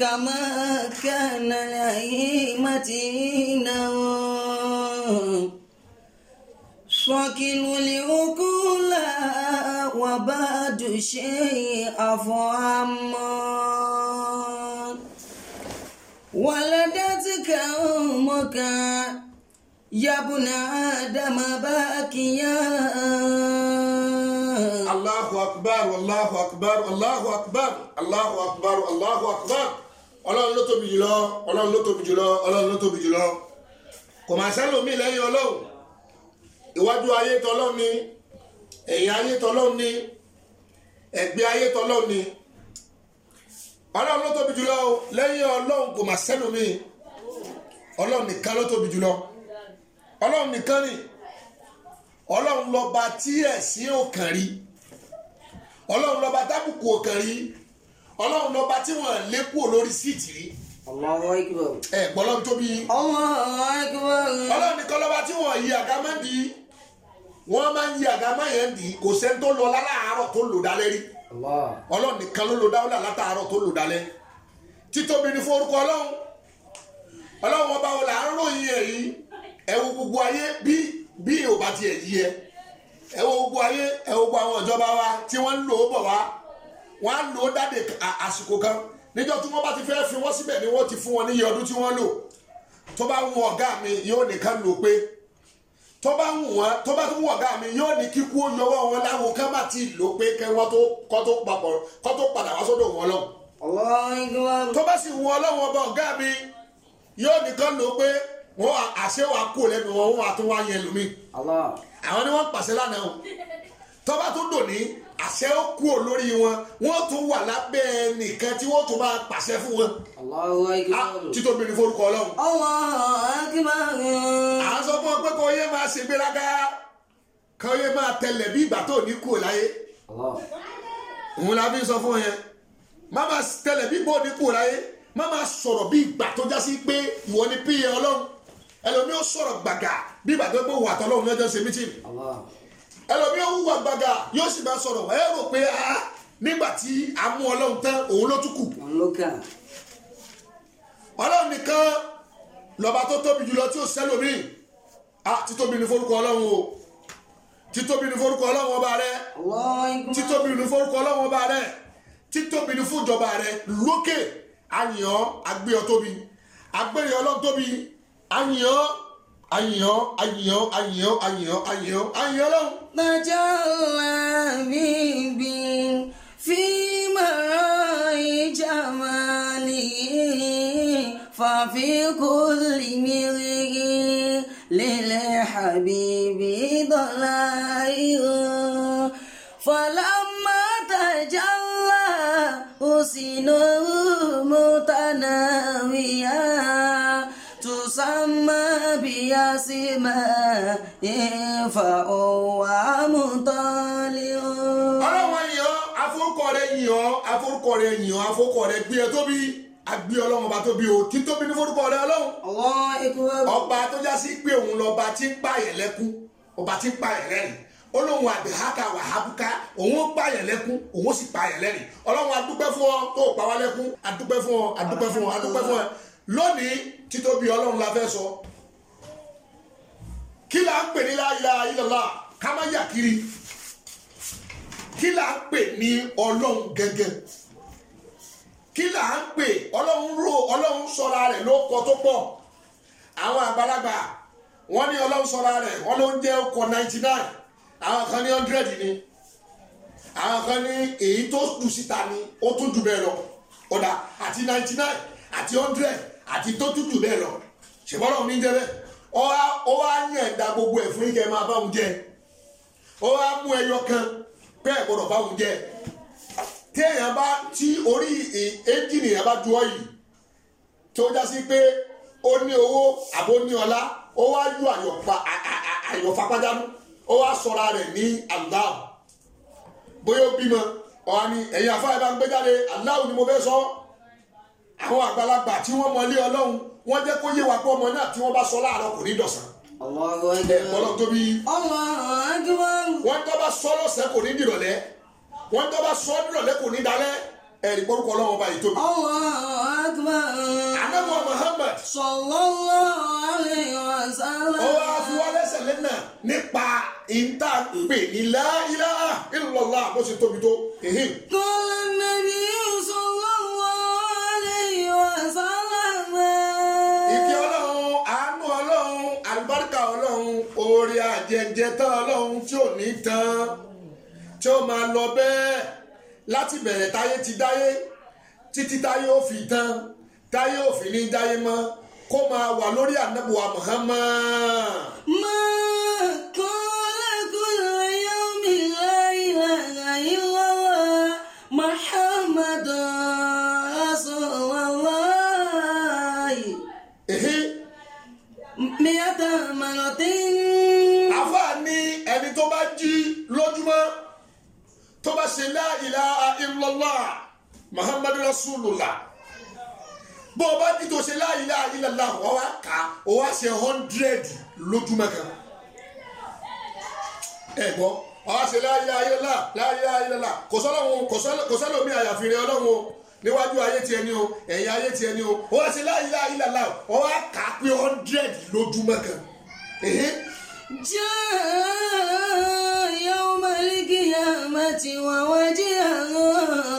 كما كان لأئمتنا شكلوا العقول وبعد شيء أفهما ولدتك أمك يا ابن آدم باكيا الله أكبر والله أكبر الله أكبر الله أكبر الله أكبر ọlọ́run ló tóbi jùlọ ọlọ́run ló tóbi jùlọ ọlọ́run ló tóbi jùlọ kò máa sẹ́lòmíì lẹ́yìn ọlọ́run iwájú ayé tọ́lọ́run ni ẹ̀yìn ayé tọ́lọ́run ni ẹ̀gbẹ́ ayé tọ́lọ́run ni ọlọ́run ló tóbi jùlọ lẹ́yìn ọlọ́run kò máa sẹ́lòmíì ọlọ́run nìkan ló tóbi jùlọ ọlọ́run nìkan ni ọlọ́run lọ́ba tí ẹ̀sìn ò rí ọlọ́run lọ́ba tábùkù ò rí ọlọ́run lọ́ba tí wọ́n lé kúrò lórí síìtì rí. ẹ gbọ́dọ̀ tóbi. ọlọ́run nìkan lọ́ba tí wọ́n yí àga máa ń di wọ́n máa ń yí àga máa yẹn di kò sẹ́ni tó lọ láàárọ̀ tó lò dálẹ́ rí. ọlọ́run nìkan ló lò dáwọ́lá látàárọ̀ tó lò dálẹ́. títóbi ni fún orúkọ ọlọ́run ọlọ́run ọba wo là ń ròyìn ẹ̀ yìí ẹ wo gbogbo ayé bí bí ò bá tiẹ̀ yí ẹ ẹ wo gbogbo ayé ẹ wo gbogbo àwọn ìjọba wa tí wọ́n ń lò ó bọ̀ wá wọ́n á lò ó dáde àsìkò kan níjọ́ tí wọ́n bá ti fẹ́ fi wọ́n síbẹ̀ ni wọ́n ti fún wọn níye ọdún tí wọ́n lò tó bá wù ọ̀gá mi yóò nìkan lò pé tó bá wù wọ́n tó bá wù ọ̀gá mi yóò ní kíkú yọwọ́ wọn láwo ká má ti lò pé kẹ́ wọ́n tó kọ́ tó papọ̀ kọ́ tó padà wá sọ́dọ̀ wọn lọ. tó bá sì wù ọlọ́wọ́ ọba ọ̀gá mi yóò nìkan lò pé wọ́n àṣẹ wa kó lẹ́nu wọn wọn àtúwáyẹ lómi àwọn ni wọ́n pàṣẹ lánàá o tòní àṣẹ ó kú ò lórí wọn wọ́n tún wà lábẹ́ nìkan tí wọ́n tún bá pàṣẹ fún wọn. Ah, títóbi ní forúkọ ọlọ́run. à ń sọ fún ọ pé kò yẹ máa ṣègbéraga kò yẹ máa tẹlẹ̀ bí ìgbà tó ní kú láyé. òun la fi sọ fún yẹn má máa tẹlẹ̀ bí bó ní kú láyé má máa sọ̀rọ̀ bí ìgbà tó já sí pé ìwọ ni píye ọlọ́run ẹlòmíì ó sọ̀rọ̀ gbàgà bí ìgbà tó gbé wàtọ́ ọlọ́run lọ́jọ́ ṣe ẹlòmíì ó wà gbàgà yóò sì máa sọ̀rọ̀ ẹ rò pé a ah, nígbà tí a mú ọlọ́run tán òun ló tún kù. ọlọ́run nìkan lọ́ba tó tóbi jùlọ tí ó sẹ́lòmíì a ah, títóbi ní forúkọ ọlọ́run o títóbi ní forúkọ ọlọ́run ọba rẹ títóbi ní forúkọ ọlọ́run ọba rẹ títóbi ní fún rẹ lókè àyàn agbéyọ tóbi agbéyọ ọlọ́run tóbi àyàn. أيو أيو أيو أيو أيو أيو لو تجلى بي في مرأي جمالي ففي كل مرئ للحبيب ضلائل فلما تجلى حسنه متناويا yasima ifa owa mutali o. ọlọ́wọ́n yìí ọ́ afọ́kọ rẹ̀ yìí ọ́ afọ́kọ rẹ̀ yìí ọ́ afọ́kọ rẹ̀ o ti tobi ni forúkọ rẹ̀ ọlọ́run. ọwọ́ ikú ẹbí. ọba tó já sí pé òun lọ́ba tí ń pààyàn lẹ́kún ọba tí ń pààyàn lẹ́rìn olóhùn àdìhákà wàhábùká òun ó pààyàn lẹ́kún òun ó sì pààyàn lẹ́rìn ọlọ́run adúpẹ́ fún ọ tó pa wá lẹ́kún adúpẹ́ fún ọ adúpẹ́ fún ọ adúpẹ́ fún ọ lónìí títóbi ọlọ́run la fẹ́ sọ kí là ń pè ní láyà ìlọ́lá ká má yà kiri kí là ń pè ní ọlọ́run gẹ́gẹ́ kí là ń pè ọlọ́run rò ọlọ́run sọra rẹ̀ ló kọ tó pọ̀ àwọn àgbàlagbà wọ́n ní ọlọ́run sọra rẹ̀ wọ́n ló ń jẹ́ ọkọ̀ ninety nine àwọn kan ní hundred ni àwọn kan ní èyí tó dù síta ni ó tún jù bẹ́ẹ̀ lọ ọ̀dà àti ninety nine àti hundred àti tó tún jù bẹ́ẹ̀ lọ ṣèbọ́lọ́ mi ń jẹ́ bẹ́ẹ̀. ó wá yàn gbogbo ẹ̀ fún ikẹ́ máa bá òun jẹ ó wá mú ẹyọ tí èèyàn bá tí orí pé ó ní owó ní ọlá yọ ni bá ń gbé jáde ni mo sọ àwọn àgbàlagbà tí wọn mọ ilé wọ́n jẹ́ kó yé wa pé ọmọ náà tí wọ́n bá sọ láàárọ̀ kò ní dọ̀sán. ọlọ́run tóbi. wọ́n tó bá sọ lọ́sẹ̀ kò ní dìrọ̀lẹ́ wọ́n tó bá sọ dìrọ̀lẹ́ kò ní dalẹ́ ẹ̀rí Muhammad. sallallahu alaihi wasallam. ó wá fún wa lẹ́sẹ̀ lẹ́nà nípa ìta pè ní la ilaha illallah bó ṣe tóbi tó. kọ́ orí àjẹjẹ tán ọlọ́run tí ò ní tán tí ó máa lọ bẹ́ẹ̀ láti bẹ̀rẹ̀ táyé ti dáyé títí táyé ó fi tán táyé ò fi ní dáyé mọ́ kó máa wà lórí ànábùwà Muhammad. mọ kọ́lá kọ́lá yóò mi láyé láyé wá Muhammad sallallahu. miyata malotin àfáà ní ẹni tó bá jí lójúmọ́ tó bá ṣe la ilaha illallah muhammadu rasulullah bó o bá ní tó ṣe la ilaha illallah wọ́n wá kà ó wá ṣe hundred lójúmọ́ kan ẹ gbọ́ wọ́n wá ṣe la ilaha illallah la ilaha illallah kò sọ́lọ́hún kò sọ́lọ́mí àyàfi rẹ̀ ọlọ́hún o níwájú ayé tiẹ̀ ni o ẹ̀yìn ayé tiẹ̀ ni o ó wá sí la ilaha illallah ó wá ka. á pé hundred lójúmọ́ kan جاء يوم القيامة ووجهه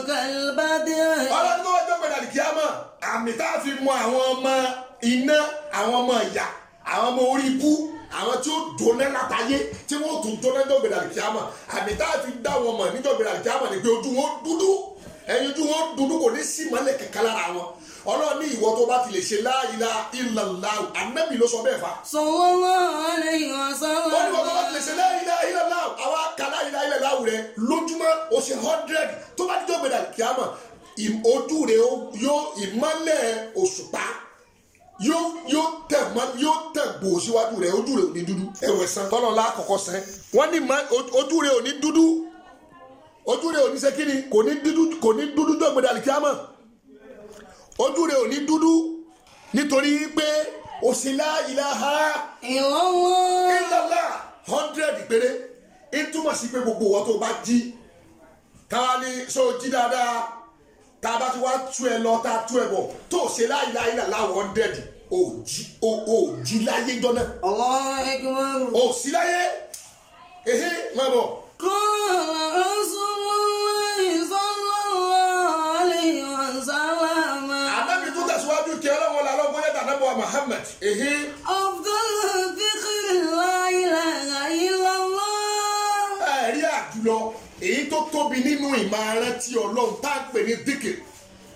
كالبدر ọlọ́run tó wájú ọ̀gbẹ̀dà àlìkíyàmọ̀ àmì tá a fi mọ àwọn ọmọ iná àwọn ọmọ ìyà àwọn ọmọ orí ibú àwọn tí ó dóná látàyé tí wọ́n tún dóná jọ̀gbẹ̀dà àlìkíyàmọ̀ àmì tá a fi dá wọn mọ̀ níjọ̀gbẹ̀dà àlìkíyàmọ̀ ni pé ojú wọn dúdú ẹyin tí wọ́n dúdú kò ní sí mọ́lẹ̀ kẹ̀kẹ́ lára wọn ọlọ́run ní ìwọ tó bá ti lè ṣe láàyílá ìlàláwù anábì ló sọ bẹ́ẹ̀ fa. sallallahu alaihi wasallam. ó ní wọ́n tó bá ti lè ṣe láàyílá ìlàláwù àwa kà láàyílá ìlàláwù rẹ lójúmọ́ o hundred tó bá dídọ́ gbẹdà kíámà ojú rẹ yóò ìmọ́lẹ̀ òṣùpá yóò yóò tẹ̀ mọ́ yóò tẹ̀ gbò síwájú rẹ ojú rẹ ò ní dúdú ẹ̀wẹ̀ san tọ́lọ́lá àkọ́kọ́ sẹ́ wọ́n ní ojú rẹ ò ní dúdú ojú rẹ̀ ò ní ṣe kí ni kò ní dúdú kò ní dúdú dọ̀gbẹ̀dẹ̀ àlìkíámọ̀ ojú rẹ̀ ò ní dúdú nítorí pé òsínlá ìlàhà ìlàlá hundred péré ìtumọ̀ sí pé gbogbo wọn tó bá jí táwa ni sọ jí dáadáa tá a bá ti wá tú ẹ lọ tá a tú ẹ bọ̀ tó òsínlá ìlàlá hundred òjì òjì láyé jọ náà. òsínláyé ehe máa bọ̀. kúrò. wa Muhammad. Afdal dhikri la ilaha illallah. Ẹ̀rí àjùlọ èyí tó tóbi nínú ìmọ̀ arántí ọlọ́run tá à ń pè ní díkì.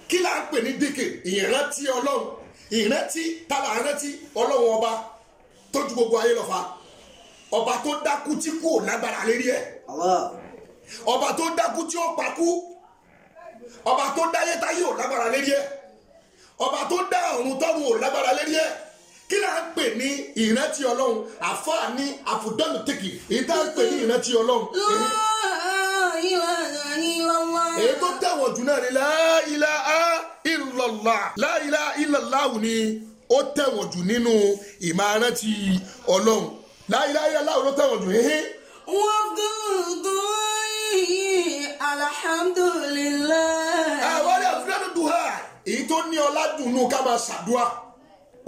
Kí là ń pè ní díkì? Ìrántí ọlọ́run. Ìrántí tàbí àrántí ọlọ́run ọba tó ju gbogbo ayé lọ fa. Ọba tó dákú tí kò lágbára lérí ẹ̀. Ọba tó dákú tí ó pakú. Ọba tó dáyé táyé ò lágbára lérí ẹ̀ ọba tó dá ọ̀run tọ́run ò lágbára lérí ẹ̀ kí là ń pè ní ìrántí ọlọ́run àfáà ní àfùdánù tìkì èyí tá ń pè ní ìrántí ọlọ́run. èyí tó tẹ̀wọ̀n jù náà ni láìlá ìlọ̀lá láìlá ìlọ̀lá wù ni ó tẹ̀wọ̀n jù nínú ìmárántí ọlọ́run láìlá ìlọ̀lá wù ló tẹ̀wọ̀n jù. wọ́n dúndún yìí alhamdulillah. àwọn ọ̀rẹ́ àfúrẹ́nu dùn hà èyí tó ní ọládùnú ká máa ṣàdúà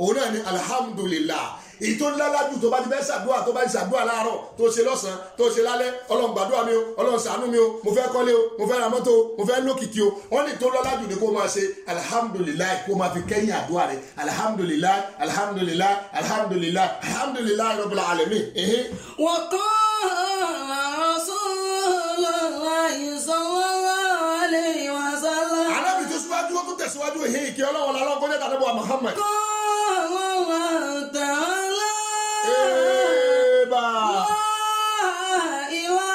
òun náà ni alhamdulillah èyí tó lálàjù tó bá ti fẹ́ ṣàdúrà tó bá ti ṣàdúrà láàárọ̀ tó ṣe lọ́sàn-án tó ṣe lálẹ́ ọlọ́run gbàdúrà mi o ọlọ́run ṣàánú mi o mo fẹ́ kọ́lé o mo fẹ́ ra mọ́tò o mo fẹ́ lókìkí o wọ́n ní tó lálàjù ni kó máa ṣe alihamudulilayi kó máa fi kẹ́yìn àdúrà rẹ alihamudulilayi alihamudulilayi alihamudulilayi alihamudulilayi rabbil alamin. wọ́n kọ́ ọ̀rọ̀ sọ́ọ́ tẹ̀síwájú ìhín ìkí ọlọ́wọ́ la lọ́kọ́ jẹ́ta níbo Muhammad. kọ́ àwọn wà tààlà. ẹ̀ẹ́bà. ìwà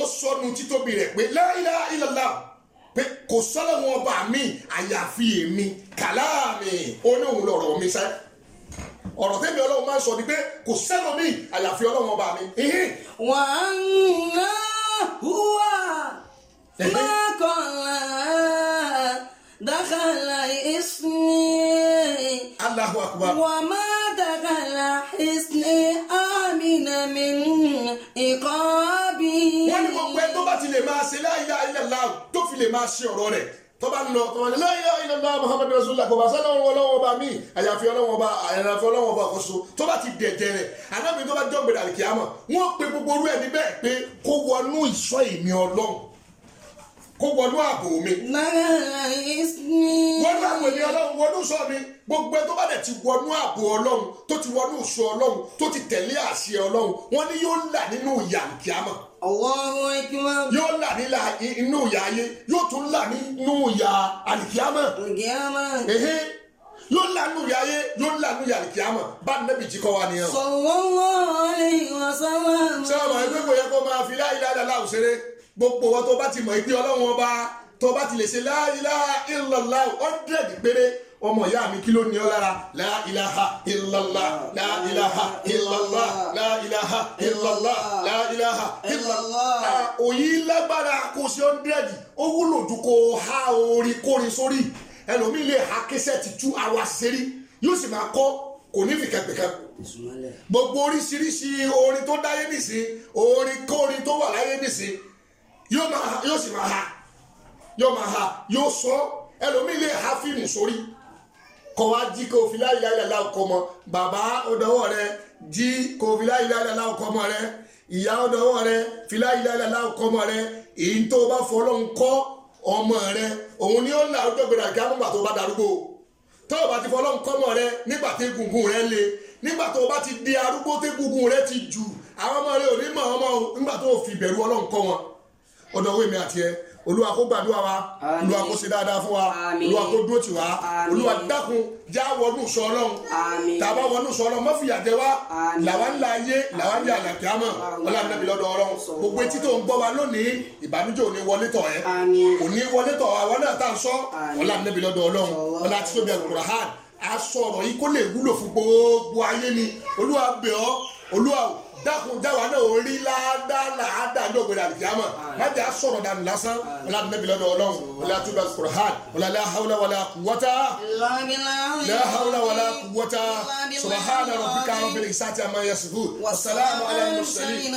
ó sọnù títóbi rẹ̀ pé la ilaha illallah pé kò sọ́lọ́wọ́n ọba mi àyàfi èmi kàlá mi ó ní òun mi sẹ́ ọ̀rọ̀ tẹ́mi ọlọ́run máa ń sọ ni pé kò sẹ́nu mi àyàfi ọlọ́run ọba mi. wàá ń ná. Allahu akbar. wà má dàgàlà ìsìn àmìnà mi ìkọ́ bí. wọ́n ní gbogbo ẹ tó bá ti lè máa ṣe la ilaha illallah tó fi lè máa ṣe ọ̀rọ̀ rẹ̀ tó bá ń lọ tó bá ní la ilaha illallah muhammadu rasulullah kò bá sọ́dọ̀ ọlọ́wọ́ ọba mi àyàfi ọlọ́wọ́ ọba àyàfi ọlọ́wọ́ ọba kò so tó bá ti dẹ̀dẹ̀ rẹ̀ kó wọnú ààbò mi. wọnú ààbò mi ọlọ́run wọnú sọ mi gbogbo ẹ tó bá dẹ̀ ti wọnú ààbò ọlọ́run tó ti wọnú sọ ọlọ́run tó ti tẹ̀lé àṣẹ ọlọ́run wọn ni yóò là nínú ìyà kíámà. Allahu akbar. yóò là nílà inú ìyà ayé yóò tún là nínú ìyà àlìkíámà. àlìkíámà yóò lanu yàyé yóò lanu yàlìkìyàmọ bá nẹbi jikọ wa nìyẹn. sallallahu alaihi wasallam. sọ̀rọ̀ ẹgbẹ́ kò yẹ kó máa fi láyé gbogbo wọn tó bá ti mọ̀ ìpín ọlọ́run ọba tó bá ti lè ṣe láìláha ìlàlá ọ̀dẹ́ẹ̀dì péré ọmọ ìyá mi kí ló ní ọ lára láìláha ìlàlá láìláha ìlàlá láìláha ìlàlá láìláha ìlàlá. òyì lágbára kò sí ọ̀dẹ́ẹ̀dì ó wúlò ju kó ha orin kórin sórí ẹlòmíì lè ha kẹsẹ̀ ti tú àwa ṣeré yóò sì máa kọ́ kò ní fìkẹ́fìkẹ́ gbogbo oríṣiríṣi orin tó dáyé nìsín orin kórin tó wà láyé nìsín yóò máa ha yóò sì máa ha yóò máa ha yóò sọ ẹlòmíì lè ha fíìmù sórí kọ wá jí kó fi láyé láyé láyé ọkọ mọ bàbá ọdọwọ rẹ jí kó fi láyé láyé láyé ọkọ mọ rẹ ìyá ọdọwọ rẹ fi láyé láyé láyé ọkọ mọ rẹ èyí tó bá fọlọ́ ń kọ́ ọmọ rẹ òun ni ó ń là ọjọ́ gbèrè àgbà nígbà tó bá darúgbó tó o bá ti fọlọ́ ń kọ́ ọmọ rẹ nígbà tí egungun rẹ le nígbà tó o bá ti di arúgbó tí egungun rẹ ti jù àwọn ọmọ rẹ ò ní mọ ọmọ nígbà tó o fi bẹ̀rù Ọlọ́run wọn ọ̀dọ̀ owó èmi àti ẹ olúwa kó gbàdúrà wa olúwa kó ṣe dáadáa fún wa olúwa kó dúró tì wá olúwa dákun já wọnú sọ tàbá wọnú sọ ọlọ́run mọ́fìyà jẹ wá làwa ńlá ayé làwa ní àlàkẹ́ àmọ́ ọlọ́run nàbí lọ́dọ̀ ọlọ́run gbogbo etí tó ń gbọ́ wa lónìí ìbànújẹ́ ò ní wọlé tọ̀ ẹ́ ò ní wọlé tọ̀ àwọn náà tá à ń sọ ọlọ́run nàbí lọ́dọ̀ ọlọ́run ọlọ́run àti tóbi àgùrà hàn asọ̀rọ̀ yìí kó lè wúlò fún gbogbo ayé ni olúwa bẹ̀ ọ́ olúwa dákunjáwa náà ò rí láàdá láàdá ní ògbèrè àlùjáàmà láti àsọ̀rọ̀ dànù lásán ọ̀là lọ́dọ̀ ọlọ́run ọ̀là àtúbà kùrán ọ̀là láhàwùlà wàlà kùwọ́tà láhàwùlà wàlà kùwọ́tà subhana rabbika rabbil izzati amma yasifun wassalamu ala mursalin.